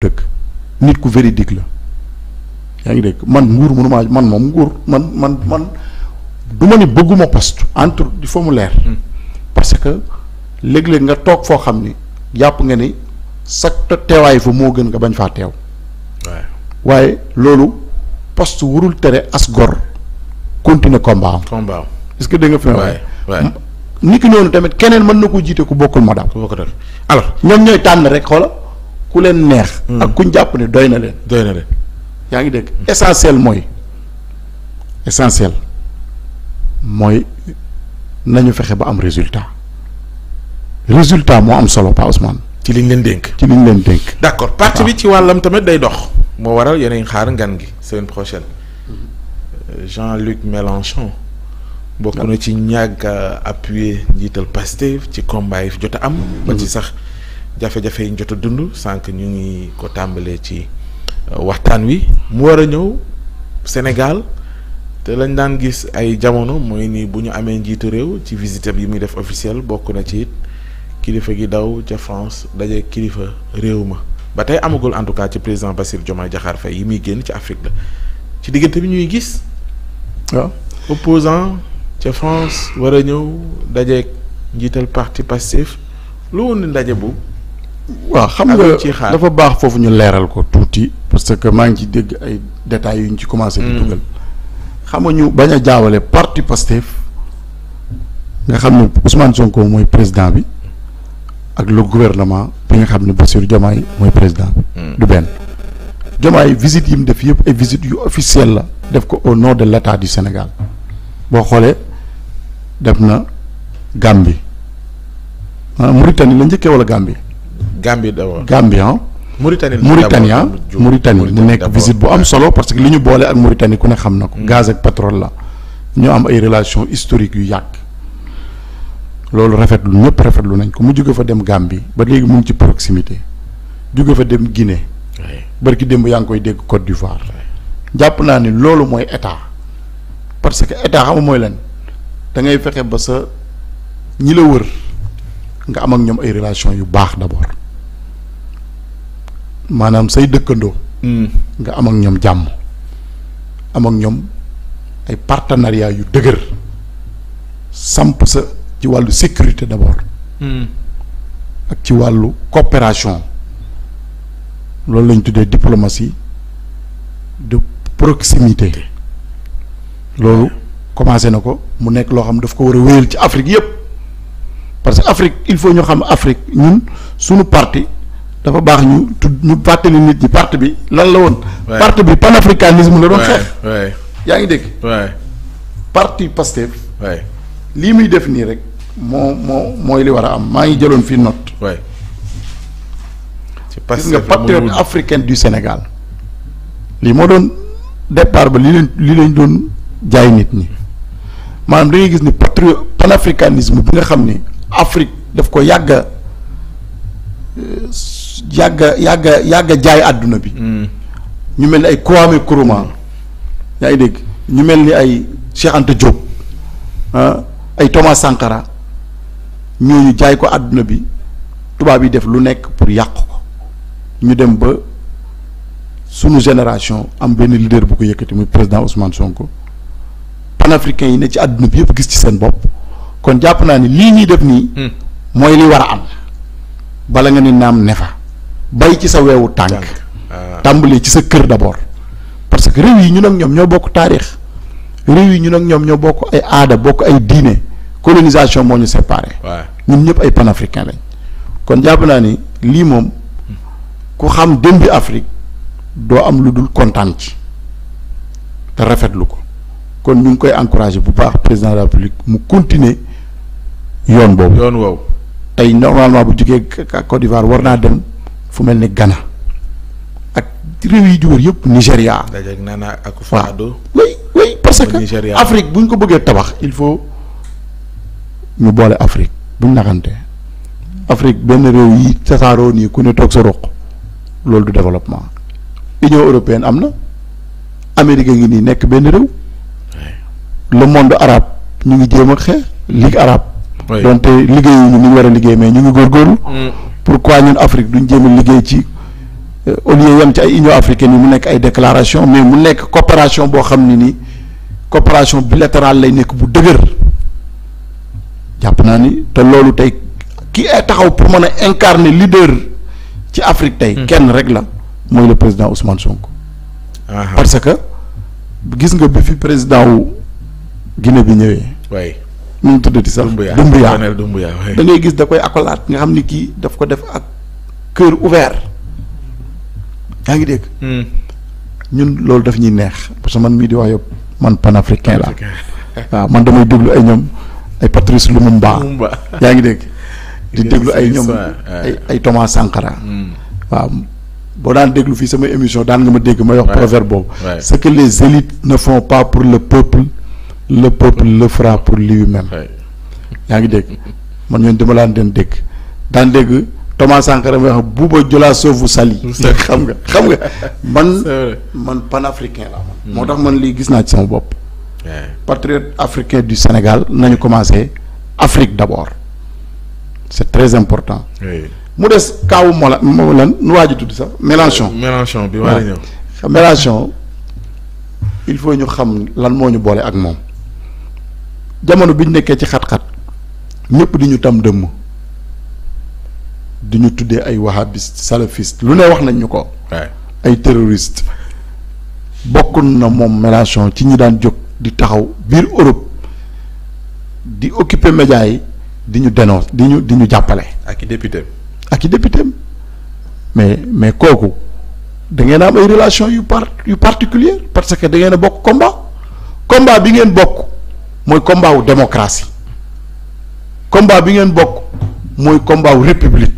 dëkk nit ku véridique la yaa ngi dégg man nguur mënumaa man moom nguur man man man du ma ni bëgguma poste entre di faut mu leer hmm. parce que léeg-léeg nga toog foo xam ni yàpp nga ni sa teewaay fa moo gën nga bañ faa teew waaye loolu poste warul tere as gor continuer combat am combat que da nga fi waaye nit ki noonu tamit keneen mën na ko jiite ku bokkul ma daal ñoom ñooy tànn rek xoola ku leen neex. Hmm. ak kuñ jàpp ne doy na leen. doy na leen yaa ngi dégg essentiel mooy essentiel mooy nañu fexe ba am résultat résultat moo am solo Pa Ousmane. ci liñ leen dénk. ci liñ leen dénk. d'accord parti bi ci wàllam tamit day dox. moo waral yeneen xaar ngan gi semaine prochaine. Mm-hmm. Jean-Luc Mélenchon. bokk na ci ñàgg a appuyer njiital Pastef ci combat fi jot a am. ba ci mm-hmm. sax. jafe-jafe yi ñu jot a dund sànq ñu ngi ko tàmbalee ci euh, waxtaan wi mu war a ñëw Sénégal te lañ daan gis ay jamono mooy nii bu ñu amee njiitu réew ci visite yi muy def officiel bokk na ci kilifa gi daw ca France daje kilifa réew ma ba tey amagul en tout cas ci président Bassirou Diomaye Diakhar Faye yi muy génn ci Afrique la ci diggante bi ñuy gis waaw ah. ca France war a ñëw dajeeg njiital parti Pastef lu woon ndaje bu waaw xam nga dafa baax foofu ñu leeral ko tuuti parce que maa ngi ci dégg ay détails yu ñu ci commencé di mm. dugal xam nga ñu bañ a jaawale parti Pastef nga xam ne Ousmane Sonko mooy président bi ak le gouvernement bi nga xam ne Bassirou Diomaye mooy président bi mm. du benn Diomaye visite yi mu def yëpp ay visite yu officielle la def ko au nom de l'état du Sénégal boo xoolee def na Gambie ah, Mauritanie la njëkkee wala Gambie Gambie d'abord Gambien. Ah. Ah. Mauritanie Mauritanie Mauritanie mu nekk visite bu am solo parce que li ñu boole ak Mauritanie ku ne xam na ko. Mm. gaz ak pétrole la ñu am ay relation historiques yu yàgg loolu rafetlu ñëpp rafetlu nañ ko mu jóge fa dem Gambie ba léegi mu ngi ci proximité jóge fa dem Guinée. barki démb yaa ngi koy dégg Côte d'Ivoire. jàpp naa ni loolu mooy état parce que état xam mooy lan da ngay fexe ba sa ñi la wër nga am ak ñoom ay relations yu baax d'abord. maanaam say dëkkandoo. Hmm. nga am ñoom jàmm. am ñoom ay partenariat yu dëgër samp sa ci wàllu sécurité d'abord. Hmm. ak ci wàllu coopération loolu lañ tuddee diplomatie de proximité loolu commencé na ko mu nekk loo xam daf ko war a wéyal ci Afrique yépp parce que Afrique il faut ñu xam Afrique ñun suñu parti. dafa baax ñu tudd ñu fàttali nit ñi parti bi lan la woon. parti bi panafricanisme la doon xeex. yaa ngi dégg. parti Pastef. lii muy def nii rek moo moo mooy li war a am maa ngi jëloon fii note. gis nga patriote africain du Sénégal. lii moo doon départ ba li leen li doon jaay nit ñi maanaam da gis ni patrio panafricanisme bi nga xam ni Afrique daf ko yàgg euh, yàgg a yàgg yàgg jaay àdduna bi. Hmm. ñu mel ni ay Kwame Nkrumah. Hmm. yaa ngi dégg ñu mel ni ay Cheikh Anta Diop ah, ay Thomas Sankara ñooñu jaay ko àdduna bi tubaab yi def lu nekk pour yàq ko ñu dem ba sunu génération am benn leader bu ko yëkkati muy président Ousmane Sonko panafricain yi ne ci àdduna bi yëpp gis ci seen bopp kon jàpp naa ni lii ñuy def nii. Hmm. mooy li war a am. bala nga ni naam ne bay ci sa weewu tànk ah. tàmbali ci sa kër d'abord parce que réew yi ñu ak ñoom ñoo bokk taarix réew yi ñu nag ñoom ñoo bokk ay aada bokk ay diine colonisation moo ñu séparé ñun ñëpp ay panafricain lañ kon jàpp naa ni lii moom ku xam dem bi Afrique doo am lu dul kontaan ci te rafetlu ko kon ñu ngi koy encourager bu baax président de la République mu continuer yoon boobu yoon woowu tey normalement bu jógee Côte d'Ivoire war naa dem fu mel ni Ghana ak réew yi di wër yëpp Nigéria. dajeeg Nana ak Fado. oui oui parce que Afrique bu ñu ko bëggee tabax il faut ñu boole Afrique bu ñu naxante Afrique benn réew yi tasaaroo nii ku ne toog sa roq loolu du développement Union européenne am na Amérique ngi nii nekk benn réew le monde arabe ñu ngi jéem a xeex ligue arabe. donte liggéeyuñu ni ñu war a liggéey mais ñu ngi góorgóorlu. Mm. pourquoi ñun Afrique duñ jéem a liggéey ci euh, au lieu yam ci ay union africaine yi mu nekk ay déclaration mais mu nekk coopération boo xam ne nii coopération bilatérale lay nekk bu dëgër jàpp naa ni te loolu tey ki taxaw pour mën a incarner leader ci Afrique tey. Hmm. kenn rek la mooy le président Ousmane Sonko. parce que gis nga bi fi président wu Guinée bi ñëwee. nu mu tuddati sax Dumbuya da ngay gis da koy accolade nga xam ni kii daf ko def ak cœur ouvert yaa ngi dégg hmm. ñun loolu daf ñuy neex parce que man mii di wax yëpp man pan panafricain la waaw man damay déglu ay ñoom ay Patrice Lumumba yaa ngi dégg di déglu ay ñoom ay ay Thomas Sankara hmm. waaw boo daan déglu fii sama émission daan nga ma dégg ma wax proverbe boobu ce que les élites ne font pas pour le peuple le peuple le fera pour lui-même. yaa ngi dégg man ñoom dama laan den dégg daan dégg Thomas Sankara may wax Bouba Diola Sow Sali. xam nga xam nga man. man panafricain la man. moo mm. tax man lii gis naa ci sama bopp. patriote africain du Sénégal nañu commencé Afrique d'abord c'est très important. mu des Kaawu Mola Molan nu waa ji tudd sax Mélenchon. Mélenchon bi waa ñëw. il faut ñu xam lan moo ñu boole ak moom. jamono bi ñu nekkee ci xat-xat ñëpp di ñu tam dëmm di ñu tuddee ay wahabiste salafiste lu ne wax nañ ñu ko. ay terroriste bokk na moom Mélenchon ci ñi daan jóg di taxaw biir Europe di occuper média yi di ñu dénonce di ñu di ñu jàppale. ak i député ak mais mais kooku da ngeen am ay relation yu par yu particulière parce que da ngeen a bokk combat combat bi ngeen bokk. mooy combat wu démocratie bi ngeen bokk mooy combat wu république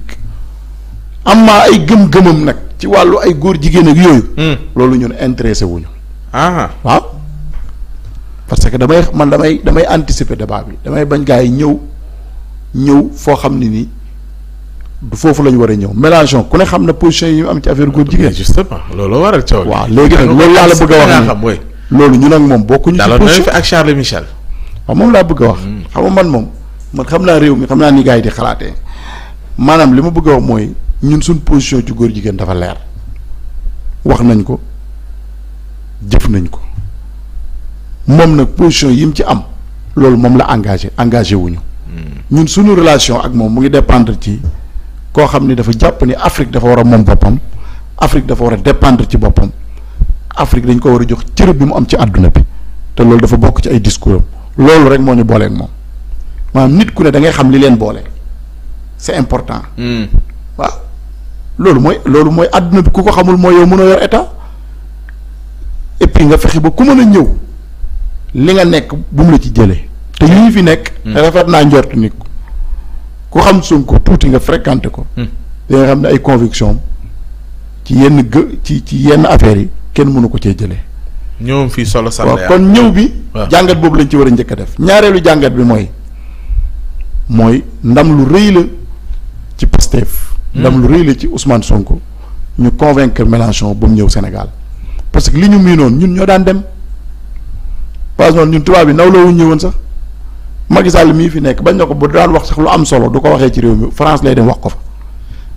am maa ay gëm-gëmam nag ci wàllu ay góor jigéen ak yooyu. Hmm. loolu ñun intéressé wuñu ah waaw parce que damay man damay damay anticiper débat bi damay bañ gaa yi ñëw ñëw foo xam ne nii du foofu la ñu war a ñëw Mélenchon ku ne xam na position yi ñu am ci affaire góor jigéen. loolu waral la bëgg a wax nii loolu ñun ak moom bokkuñu. ci position daloon na fi ak Charles waaw moom laa bëgg a wax. Mm-hmm. xam nga man moom man xam naa réew mi xam naa ni gars di xalaate maanaam li ma bëgg a wax mooy ñun suñ position ci góor jigéen dafa leer wax nañ ko jëf nañ ko moom nag position yi mu ci am loolu moom la engage engagé wuñu mm-hmm. ñun suñu relation ak moom mu ngi dépendre ci koo xam ni dafa jàpp ni Afrique dafa war a moom boppam Afrique dafa war a dépendre ci boppam Afrique dañ ko war a jox cër bi mu am ci àdduna bi te loolu dafa bokk ci ay discours loolu rek moo ñu booleeg moom maanaam nit ku ne da ngay xam li leen boole c'est important. Hmm. waaw loolu mooy loolu mooy àdduna bi ku ko xamul mooy yow mënoo yor état et puis nga fexe ba ku mën a ñëw li nga nekk bu mu la ci jëlee. te yi hmm. ñu fi nekk. Hmm. rafet naa njort nit ku xam Sonko tuuti nga fréquenté ko. da nga xam ne ay conviction ci yenn gë ci ci yenn affaires yi kenn mënu ko cee jëlee. ñëwam fii solo sànni waaw kon ñëw bi. jàngat boobu lañ ci war a njëkk a def ñaareelu jàngat bi mooy mooy ndam lu rëy la ci Pastef. Hmm. ndam lu rëy la ci Ousmane Sonko ñu convaincre Mélenchon ba mu ñëw Sénégal parce que li ñu miinoon ñun ñoo daan dem parce que ñun tubaab yi naw la wu ñëwoon sax Macky Sall mii fi nekk bañ na ko ba daan wax sax lu am solo du ko waxee ci réew mi France lay dem wax ko fa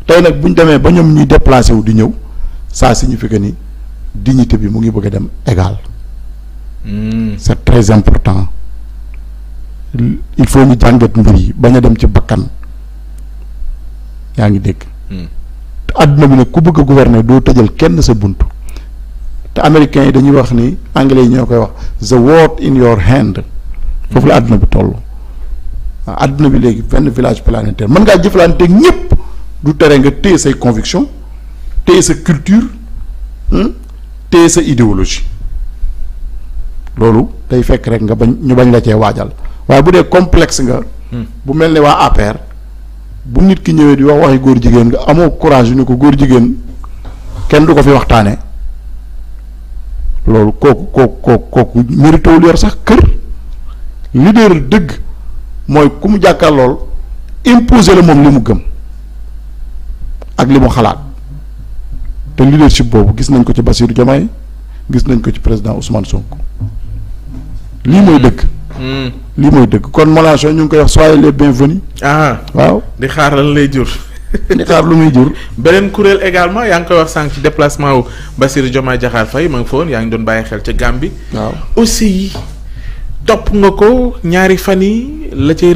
tey nag bu ñu demee ba ñoom ñuy déplacé wu di ñëw saa ça signifie que ni. dignité bi mu ngi bëgg a dem égal c'est très important il faut nu jàngat mbir yi bañ a dem ci bakkan yaa ngi dégg te hmm. àdduna bi nag ku bëgg a gouverner doo tëjal kenn sa bunt te américains yi dañuy wax ni anglais yi ñoo koy wax the word in your hand foofu la àdduna bi toll waa àdduna bi léegi benn village planétaire mën ngaa jëflante ñëpp du tere nga téye say conviction téye sa culture hmm? téye sa idéologie loolu day fekk rek nga bañ ñu bañ la cee waajal waaye bu dee complexe nga. Hmm. bu mel ni waa APR bu nit ki ñëwee di wax waxi góor jigéen nga amoo courage yu ni ko góor jigéen kenn du ko fi waxtaanee loolu kooku kooku kooku kooku méritewul sax kër leader dëgg mooy ku mu jàkkaar lool imposer la moom li mu gëm ak li mu xalaat. te leadership boobu gis nañ ko ci Bassirou Diomaye gis nañ ko ci président Ousmane Sonko lii mooy dëgg. Hmm. lii mooy dëkk kon Mélenchon ñu ngi koy wax soyez les bienvenus. ah waaw di xaar lan lay jur. di xaar lu muy jur. beneen kuréel également yaa ngi koy wax sànq ci déplacement wu Bassirou Diomaye Diakhar Faye ma nga fa yaa ngi doon bàyyi xel ca Gambie. waaw aussi topp nga ko ñaari fan yi la cay.